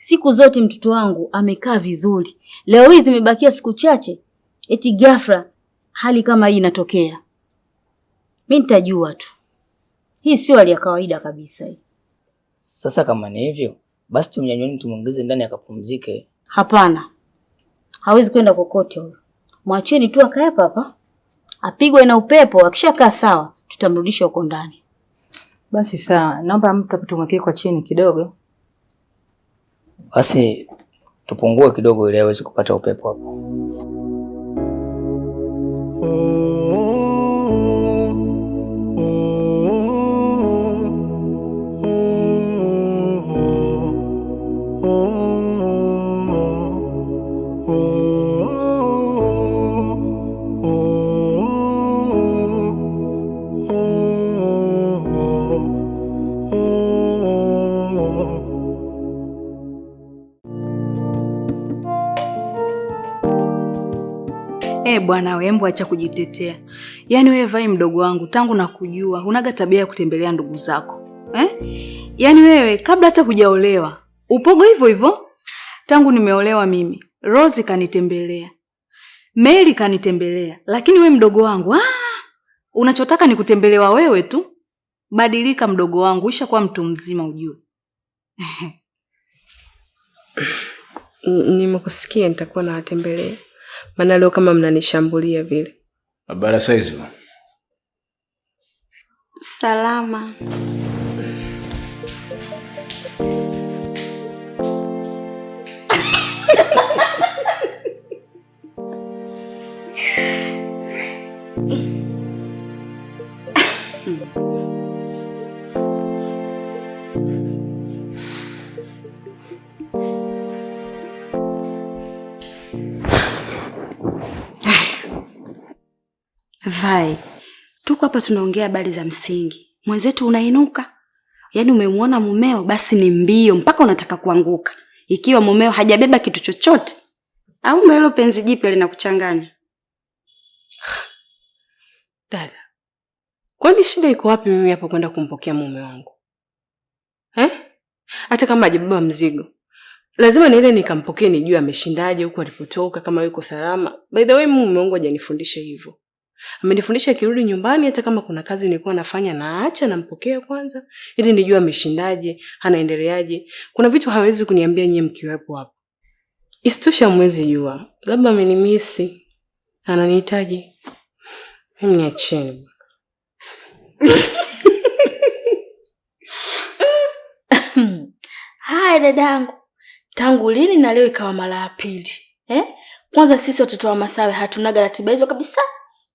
Siku zote mtoto wangu amekaa vizuri, leo hii zimebakia siku chache, eti ghafla hali kama hii inatokea. Mi nitajua tu, hii sio hali ya kawaida kabisa hii. Sasa kama ni hivyo basi, tumnyanyweni tumwongeze ndani akapumzike. Hapana, hawezi kwenda kokote huyo, mwacheni tu akae hapa hapa apigwe na upepo. Akishakaa sawa, tutamrudisha huko ndani. Basi sawa, naomba mtu tumwekee kwa chini kidogo basi tupungue kidogo ili aweze kupata upepo hapo. Oh. bwana wewe, embu acha kujitetea. Yaani wewe Vai, mdogo wangu, tangu nakujua unaga tabia ya kutembelea ndugu zako eh? Yaani wewe kabla hata hujaolewa upogo hivyo hivyo. Tangu nimeolewa mimi, Rosi kanitembelea, Meli kanitembelea, lakini we mdogo wangu aa, ah! unachotaka ni kutembelewa wewe tu. Badilika mdogo wangu, usha kuwa mtu mzima ujue. Nimekusikia, nitakuwa nawatembelea maana leo kama mnanishambulia vile. Habari saizi? Salama. Vai, tuko hapa tunaongea habari za msingi, mwenzetu unainuka. Yaani umemwona mumeo, basi ni mbio mpaka unataka kuanguka, ikiwa mumeo hajabeba kitu chochote. Au hilo penzi jipya linakuchanganya dada? Kwani shida iko wapi mimi hapo kwenda kumpokea mume wangu eh? Hata kama hajabeba mzigo lazima niende nikampokee, nijue ameshindaje huko alipotoka, kama yuko salama. By the way, mume wangu hajanifundisha hivyo. Amenifundisha kirudi nyumbani, hata kama kuna kazi nilikuwa nafanya naacha, nampokea kwanza, ili nijue ameshindaje, anaendeleaje. Kuna vitu hawezi kuniambia nyie mkiwepo hapa. Isitoshe hamwezi jua, labda amenimisi, ananihitaji. Niacheni. Haya dadangu, tangu lini na leo ikawa mara ya pili eh? Kwanza sisi watoto wa Masawe hatunaga ratiba hizo kabisa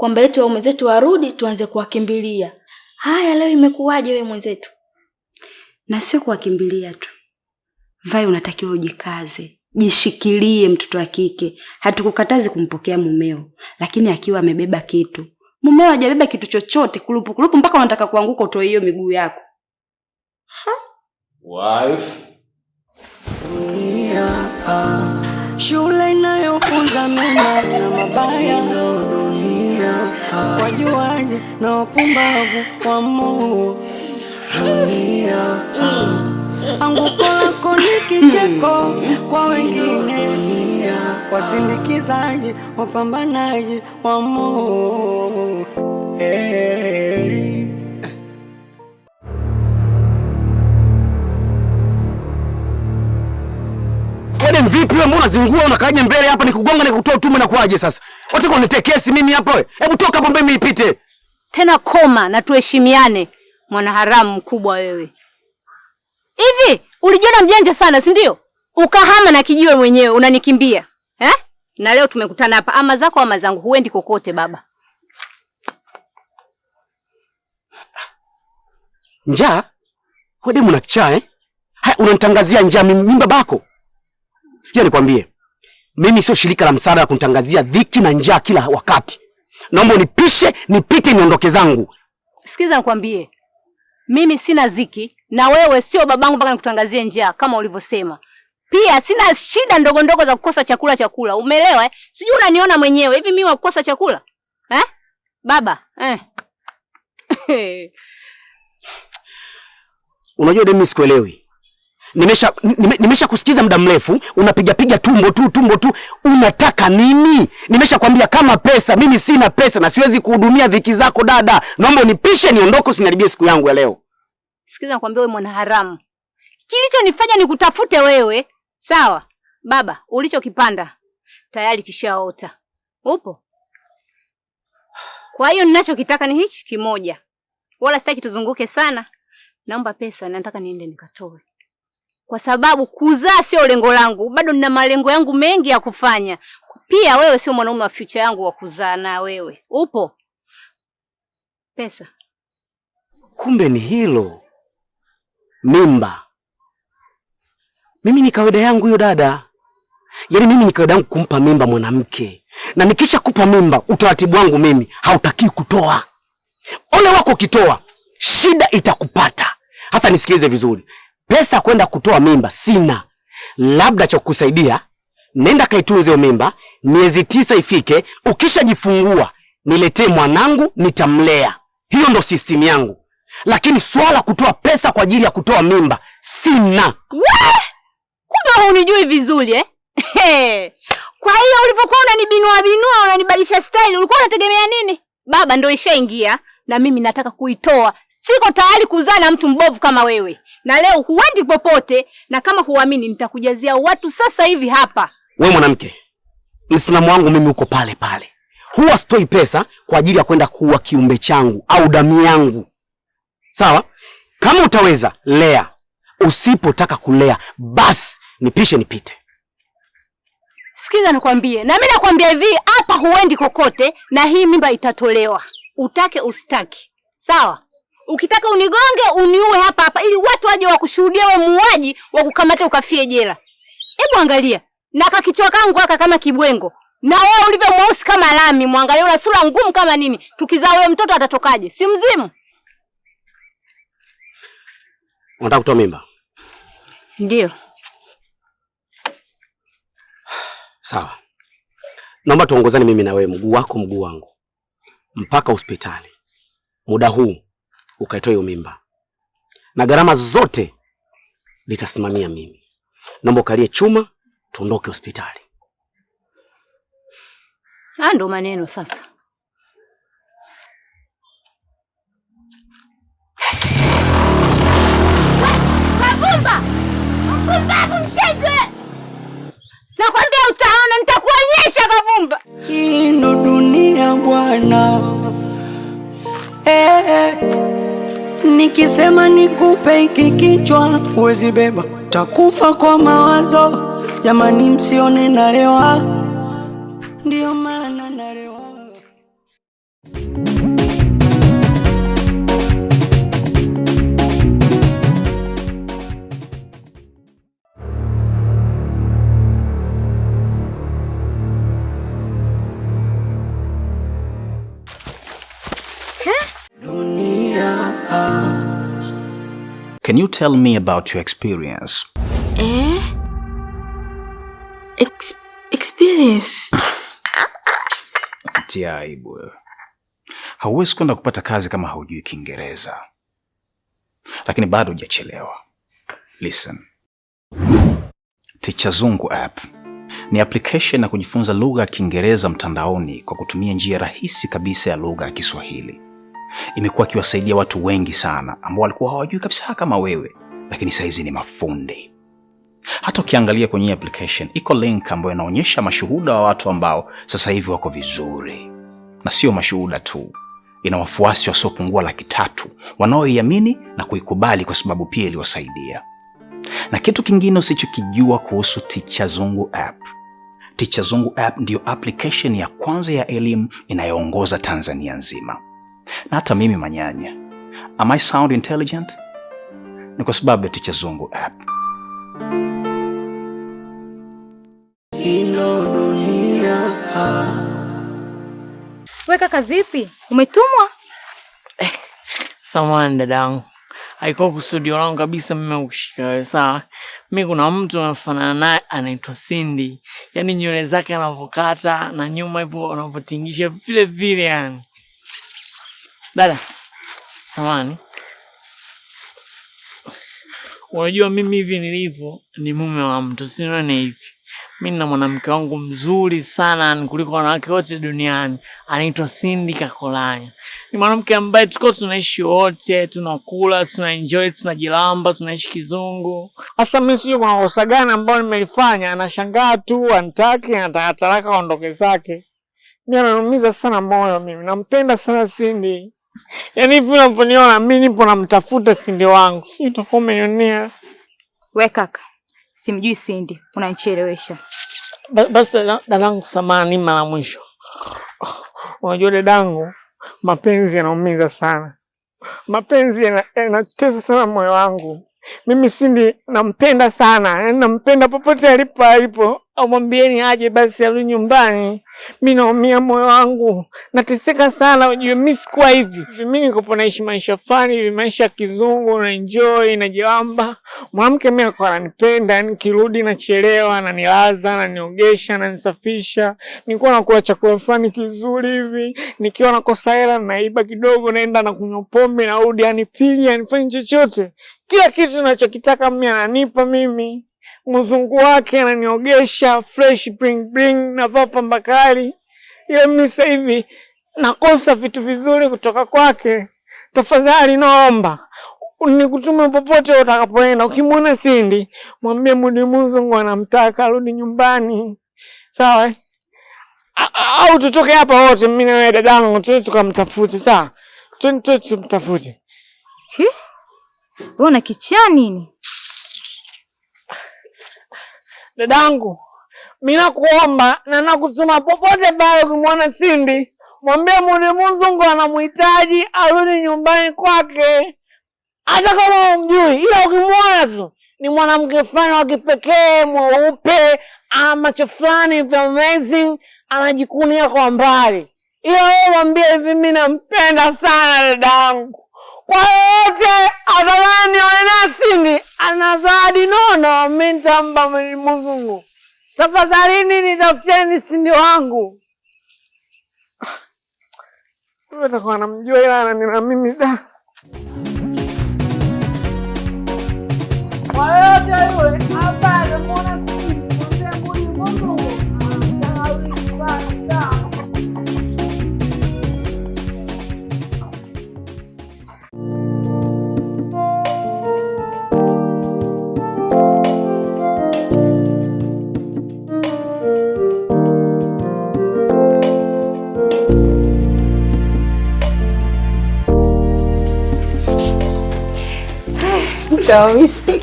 kwamba eti waume zetu warudi tuanze kuwakimbilia. Haya, leo imekuwaje wewe mwenzetu? Na sio kuwakimbilia tu, Vai, unatakiwa ujikaze, jishikilie. Mtoto wa kike hatukukatazi kumpokea mumeo, lakini akiwa amebeba kitu, mumeo hajabeba kitu chochote, kulupu kulupu, mpaka unataka kuanguka utoe hiyo miguu yako. Wife shule inayofunza mema na mabaya wajuaji na upumbavu wa Mungu. Anguko lako ni kicheko kwa wengine, wasindikizaji, wapambanaji wa Mungu. Vipi wewe, mbona zingua unakaje mbele hapa? Nikugonga nikutoa utume na kuaje sasa? Wataka kesi mimi hapo? Hebu toka hapo mbele ipite. Tena koma na tuheshimiane, mwanaharamu mkubwa wewe. Hivi ulijiona mjanja sana, si ndio? Ukahama na kijiwe mwenyewe unanikimbia. Eh? Na leo tumekutana hapa ama zako ama zangu huendi kokote baba. Njaa? Wewe demu na kichaa eh? Hai unanitangazia njaa mimi babako. Sikia nikwambie. Mimi sio shirika la msaada la kunitangazia dhiki na njaa kila wakati. Naomba unipishe, nipite, niondoke zangu. Sikiza nikwambie, mimi sina ziki na wewe sio babangu mpaka nikutangazie njaa kama ulivyosema. Pia sina shida ndogo ndogo za kukosa chakula chakula. Umeelewa eh? Sijui unaniona mwenyewe. Hivi mimi wakukosa chakula? Eh? Baba, eh. Unajua demi sikuelewi nimesha nime, nimesha kusikiza muda mrefu, unapiga piga tumbo tu tumbo tu, unataka nini? Nimeshakwambia kama pesa, mimi sina pesa na siwezi kuhudumia dhiki zako dada, naomba unipishe niondoke, usiniharibie siku yangu ya leo. Sikiza nakwambia, wewe mwana haramu, kilichonifanya nikutafute wewe, sawa baba, ulichokipanda tayari kishaota, upo. Kwa hiyo ninachokitaka ni hichi kimoja, wala sitaki tuzunguke sana. Naomba pesa, nataka niende nikatoe kwa sababu kuzaa sio lengo langu, bado nina malengo yangu mengi ya kufanya. Pia wewe sio mwanaume wa future yangu wa kuzaa na wewe. Upo pesa, kumbe ni hilo mimba. Mimi ni kawaida yangu hiyo dada, yaani mimi ni kawaida yangu kumpa mimba mwanamke, na nikisha kupa mimba, utaratibu wangu mimi hautakii kutoa. Ole wako ukitoa, shida itakupata. Hasa nisikilize vizuri pesa kwenda kutoa mimba sina, labda cha kukusaidia, nenda kaitunze mimba miezi tisa ifike, ukishajifungua niletee mwanangu, nitamlea. Hiyo ndo system yangu, lakini swala kutoa pesa kwa ajili ya kutoa mimba sina. Kumbe unijui vizuri eh? Kwa hiyo ulivyokuwa unanibinua binua unanibadilisha style, ulikuwa unategemea nini? Baba ndo ishaingia na mimi nataka kuitoa Siko tayari kuzaa na mtu mbovu kama wewe, na leo huendi popote, na kama huamini nitakujazia watu sasa hivi hapa. We mwanamke, msimamo wangu mimi uko pale pale, huwa sitoi pesa kwa ajili ya kwenda kuua kiumbe changu au damu yangu, sawa? Kama utaweza lea, usipotaka kulea basi nipishe nipite. Sikiza nakwambie na mimi nakwambia hivi, hapa huendi kokote, na hii mimba itatolewa, utake usitaki, sawa? Ukitaka unigonge uniue hapa hapa, ili watu waje wakushuhudia wewe muuaji, wakukamate ukafie jela. Hebu angalia na kakichwa kangu aka kama kibwengo, na wewe ulivyo mweusi kama lami, mwangalie una sura ngumu kama nini. Tukizaa wewe mtoto atatokaje? Si mzimu? Unataka kutoa mimba? Ndio. Sawa, naomba tuongozane mimi na wewe, mguu wako mguu wangu, mpaka hospitali. Muda huu ukaitoa hiyo mimba, na gharama zote nitasimamia mimi. Naomba ukalie chuma, tuondoke hospitali. ndo maneno sasa. nikisema nikupe hiki kichwa uwezi beba, takufa kwa mawazo. Jamani, msione nalewa, ndio ma Can you tell me about your experience? Eh? Ex experience? Tia aibu Hauwezi kwenda kupata kazi kama haujui Kiingereza, lakini bado hujachelewa. Listen. Ticha Zungu app ni application ya kujifunza lugha ya Kiingereza mtandaoni kwa kutumia njia rahisi kabisa ya lugha ya Kiswahili imekuwa ikiwasaidia watu wengi sana ambao walikuwa hawajui kabisa kama wewe, lakini sahizi ni mafundi. Hata ukiangalia kwenye hii application iko link ambayo inaonyesha mashuhuda wa watu ambao sasa hivi wako vizuri, na sio mashuhuda tu, ina wafuasi wasiopungua laki tatu wanaoiamini na kuikubali kwa sababu pia iliwasaidia. Na kitu kingine usichokijua kuhusu Ticha Zungu app Ticha Zungu app ndiyo application ya kwanza ya elimu inayoongoza Tanzania nzima na hata mimi manyanya. Am I sound intelligent? Ni kwa sababu ya Ticha Zungu app. We kaka, vipi? Umetumwa? Eh, samani dadangu, haikuwa kusudio langu kabisa mimi kushika wewe. Sawa, mi kuna mtu anafanana naye anaitwa Cindy, yaani nywele zake anavokata na nyuma hivyo anavotingisha vile vile, yani Dada samani, unajua mimi hivi nilivyo ni mume wa mtu, sione hivi Mimi na mwanamke wangu mzuri sana kuliko wanawake wote duniani, anaitwa Cindy Kakolanya. Ni mwanamke ambaye tuko tunaishi wote, tunakula, tunaenjoy, tunajilamba, tunaishi kizungu. Sasa mimi sijui kuna kosa gani ambayo nimelifanya, anashangaa tu, anataka anataka talaka, aondoke zake. Mimi ananiumiza sana moyo, mimi nampenda sana Cindy. Yaani hivi unavyoniona mimi nipo namtafuta Sindi wangu, si utakuwa umenionea. We kaka, simjui Sindi, unanichelewesha. Basi dadangu, samahani mara mwisho. Unajua dadangu, mapenzi yanaumiza sana, mapenzi yanatesa sana moyo wangu. Mimi Sindi nampenda sana, yaani nampenda popote alipo alipo Amwambieni aje basi arudi nyumbani. Mi naumia moyo wangu, nateseka sana. Ujue mi sikuwa hivi. Mi nikopo naishi maisha fani hivi, maisha ya kizungu, naenjoi, najamba. Mwanamke mi ako ananipenda, yani nikirudi nachelewa, ananilaza, ananiogesha, ananisafisha. Nikuwa nakula chakula fani kizuri hivi, nikiwa nakosa hela naiba kidogo, naenda nakunywa pombe, narudi anipiga, anifanye chochote, kila kitu nachokitaka mi ananipa mimi mzungu wake ananiogesha fresh bring bring navaa vapa mbakali. ila mimi sasa hivi nakosa vitu vizuri kutoka kwake. Tafadhali naomba nikutume popote utakapoenda, ukimwona Sindi mwambie mudi mzungu anamtaka arudi nyumbani, sawa? Au tutoke hapa wote, mimi na wewe dadangu, tuende tukamtafute, sawa? Tuende tumtafute. Wewe una kichaa nini? Dadangu, mimi nakuomba na nakutuma popote pale ukimwona Simbi mwambie Mungu Muzungu anamuhitaji arudi nyumbani kwake, hata kama umjui, ila ukimwona tu ni mwanamke fulani wa kipekee mweupe, ana macho fulani amazing, anajikunia kwa mbali, ila wewe mwambie hivi, mimi nampenda sana dadangu kwa yote adhalani olenasini anazadi nono mintamba muzungu tafadhalini, nitafuteni sindi wangu. Takuwa namjua ila ananina mimi za kwa yote yule Hamisi.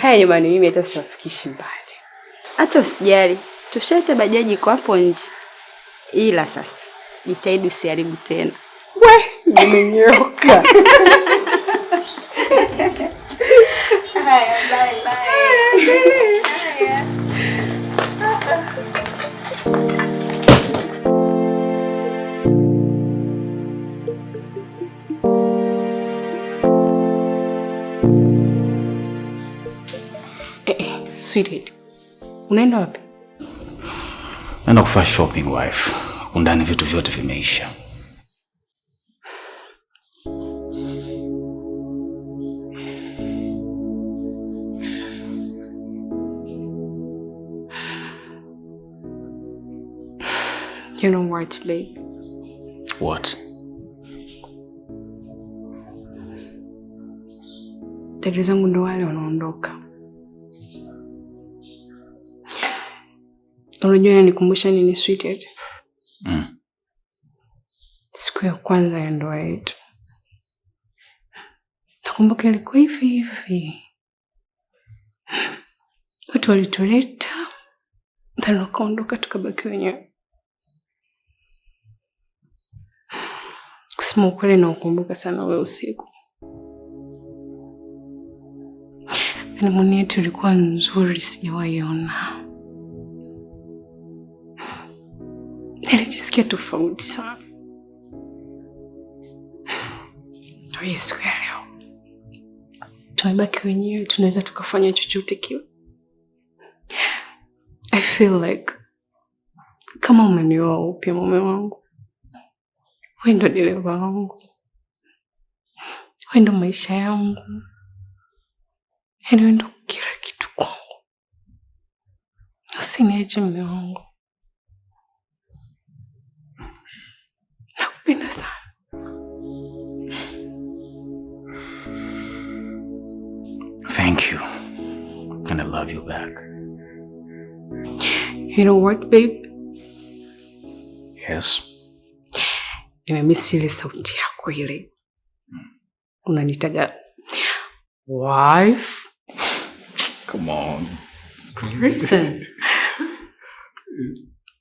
Haya jamani, mimi hata siwafikishi mbali. Hata usijali, tushaita bajaji iko hapo nje, ila sasa jitahidi usiharibu tena. We nimenyoka. Unaenda wapi? Naenda kufanya shopping wife. Undani vitu vyote vimeisha. You know what, babe? What? Dada zangu ndo wale wanaondoka. Unajua inanikumbusha nini sweetheart? Mm. Siku ya kwanza ya ndoa yetu nakumbuka ilikuwa hivi hivi, watu walituleta dhani wakaondoka, tukabaki wenyewe. Kusema ukweli, naukumbuka sana we usiku. Animuni yetu ilikuwa nzuri, sijawaiona. nilijisikia tofauti sana. Ndio hii siku ya leo tumebaki wenyewe, tunaweza tukafanya chochote kile. I feel like kama umenioa upya mume wangu, Wewe ndo dereva wangu, wewe ndo maisha yangu, yani we ndo kila kitu kwangu. Usiniache mume wangu. love you back. You know what, babe? Yes. Nimemisi ile sauti yako ile. Unanitaga wife. Come on. Listen.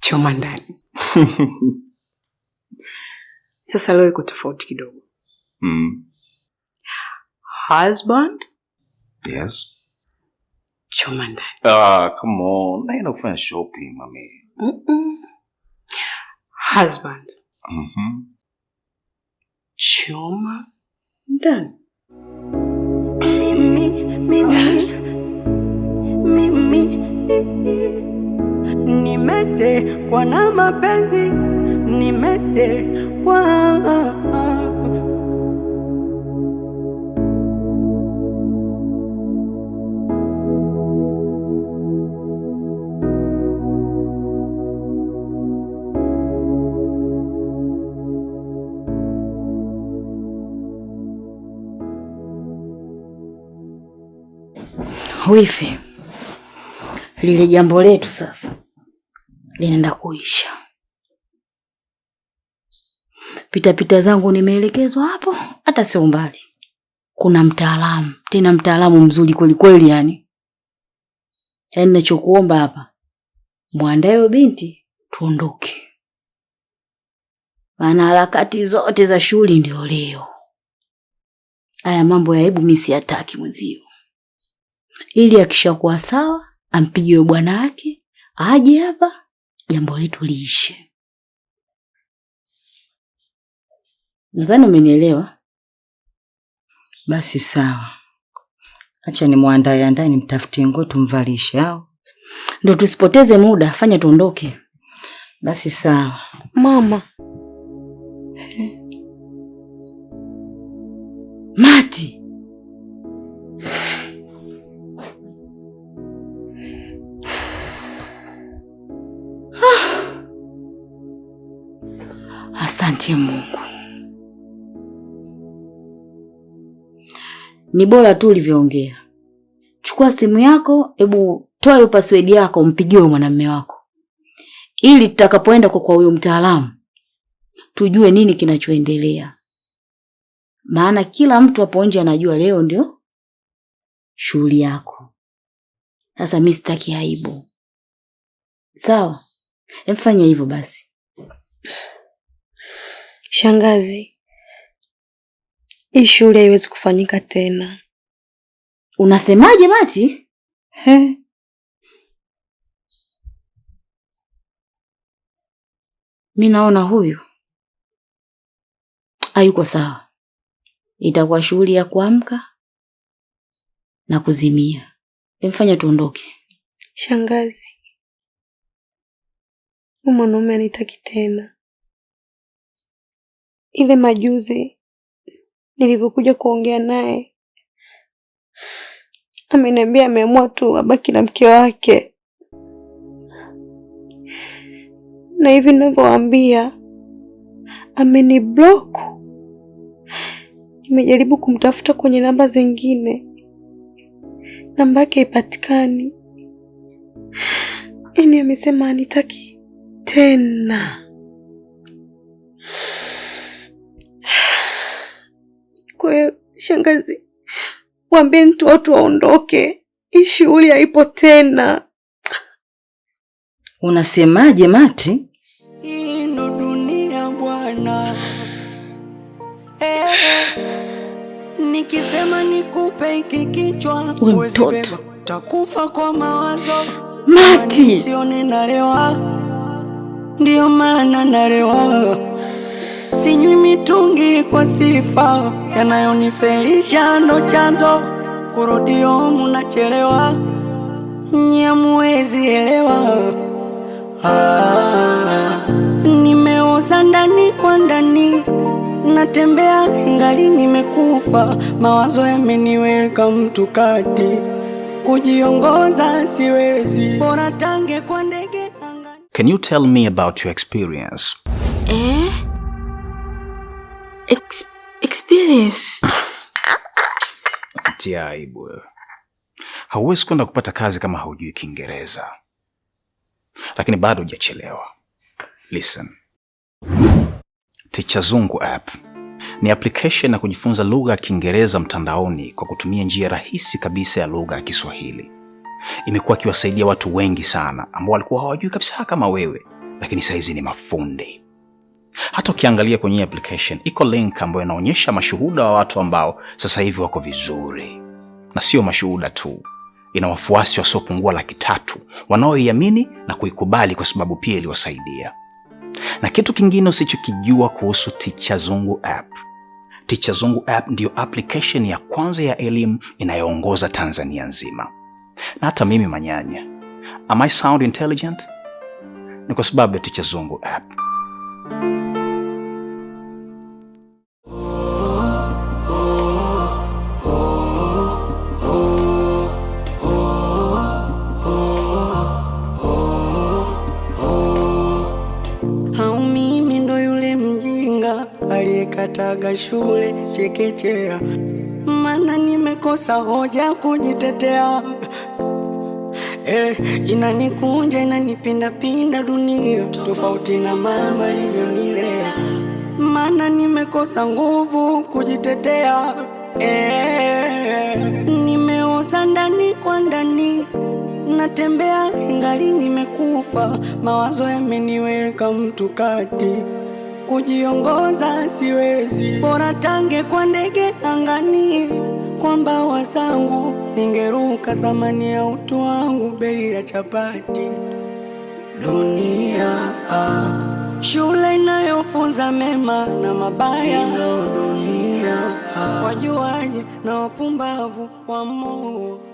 Choma ndani. Sasa leo iko tofauti kidogo. Mm. Husband? Yes choma ndani. Ah, come on. Naenda kufanya shopping mami. Mm -mm. Husband. Mm -hmm. Choma ndani. Mimi, mimi, mimi, nimete nimetekwa na mapenzi, nimetekwa Wifi, lile jambo letu sasa linaenda kuisha. Pitapita zangu nimeelekezwa hapo, hata si umbali, kuna mtaalamu tena mtaalamu mzuri kweli kweli. Yani yaani, nachokuomba hapa, mwandayo binti tuondoke, maana harakati zote za shughuli ndio leo. Haya mambo ya aibu mimi siyataki mwenzio ili akishakuwa sawa ampigiwe bwana wake aje hapa, jambo letu liishe. Nadhani umenielewa. Basi sawa, acha nimwandae andaye, nimtafutie nguo tumvalishe, au ndo tusipoteze muda, fanya tuondoke. Basi sawa mama. Mati kumkumbatia Mungu. Ni bora tu ulivyoongea. Chukua simu yako, hebu toa password yako, mpigie mwanamume wako, ili tutakapoenda kwa kwa huyo mtaalamu tujue nini kinachoendelea, maana kila mtu hapo nje anajua leo ndio shughuli yako. Sasa mimi sitaki aibu, sawa? Emfanya hivyo basi. Shangazi, hii shule haiwezi kufanyika tena. Unasemaje basi? He. Mi naona huyu hayuko sawa, itakuwa shughuli ya kuamka na kuzimia. Emfanya tuondoke. Shangazi, huyu mwanaume anitaki tena ile majuzi nilivyokuja kuongea naye, ameniambia ameamua tu abaki na mke wake, na hivi ninavyowaambia ameniblock. Nimejaribu kumtafuta kwenye namba zingine, namba yake haipatikani. yani amesema anitaki tena. Kwa hiyo shangazi, waambieni tu watu waondoke, hii shughuli haipo tena. Unasemaje Mati? Hii ndo dunia bwana. Eh, nikisema nikupe hiki kichwa mtoto takufa kwa mawazo. Mati, sioni nalewa, ndio maana nalewa sinywi mitungi kwa sifa, yanayonifelisha ndo chanzo, kurudio munachelewa, nyie muwezi elewa. Ah, nimeoza ndani kwa ndani, natembea ingali nimekufa, mawazo yameniweka mtu kati, kujiongoza siwezi, bora tange kwa ndege. Can you tell me about your experience? Eh? Ex experience. Tia aibu Hauwezi kwenda kupata kazi kama haujui Kiingereza, lakini bado hujachelewa. Listen. Ticha Zungu app ni application ya kujifunza lugha ya Kiingereza mtandaoni kwa kutumia njia rahisi kabisa ya lugha ya Kiswahili. Imekuwa ikiwasaidia watu wengi sana ambao walikuwa hawajui kabisa kama wewe, lakini saizi ni mafundi. Hata ukiangalia kwenye hii application iko link ambayo inaonyesha mashuhuda wa watu ambao sasa hivi wako vizuri, na sio mashuhuda tu, ina wafuasi wasiopungua laki tatu wanaoiamini na kuikubali kwa sababu pia iliwasaidia. Na kitu kingine usichokijua kuhusu Ticha Zungu app, Ticha Zungu app ndiyo application ya kwanza ya elimu inayoongoza Tanzania nzima. Na hata mimi manyanya, am I sound intelligent? Ni kwa sababu ya Ticha Zungu app. Aliyekataga shule chekechea, mana nimekosa hoja kujitetea eh, inanikunja inanipindapinda dunia, tofauti na mama alivyonilea, maana nimekosa nguvu kujitetea eh, nimeoza ndani kwa ndani natembea ingali nimekufa, mawazo yameniweka mtu kati, kujiongoza siwezi, bora tange kwa ndege angani kwamba wazangu, ningeruka thamani ya utu wangu, bei ya chapati dunia. Ah. Shule inayofunza mema na mabaya dunia, ah. wajuaji na wapumbavu wa moo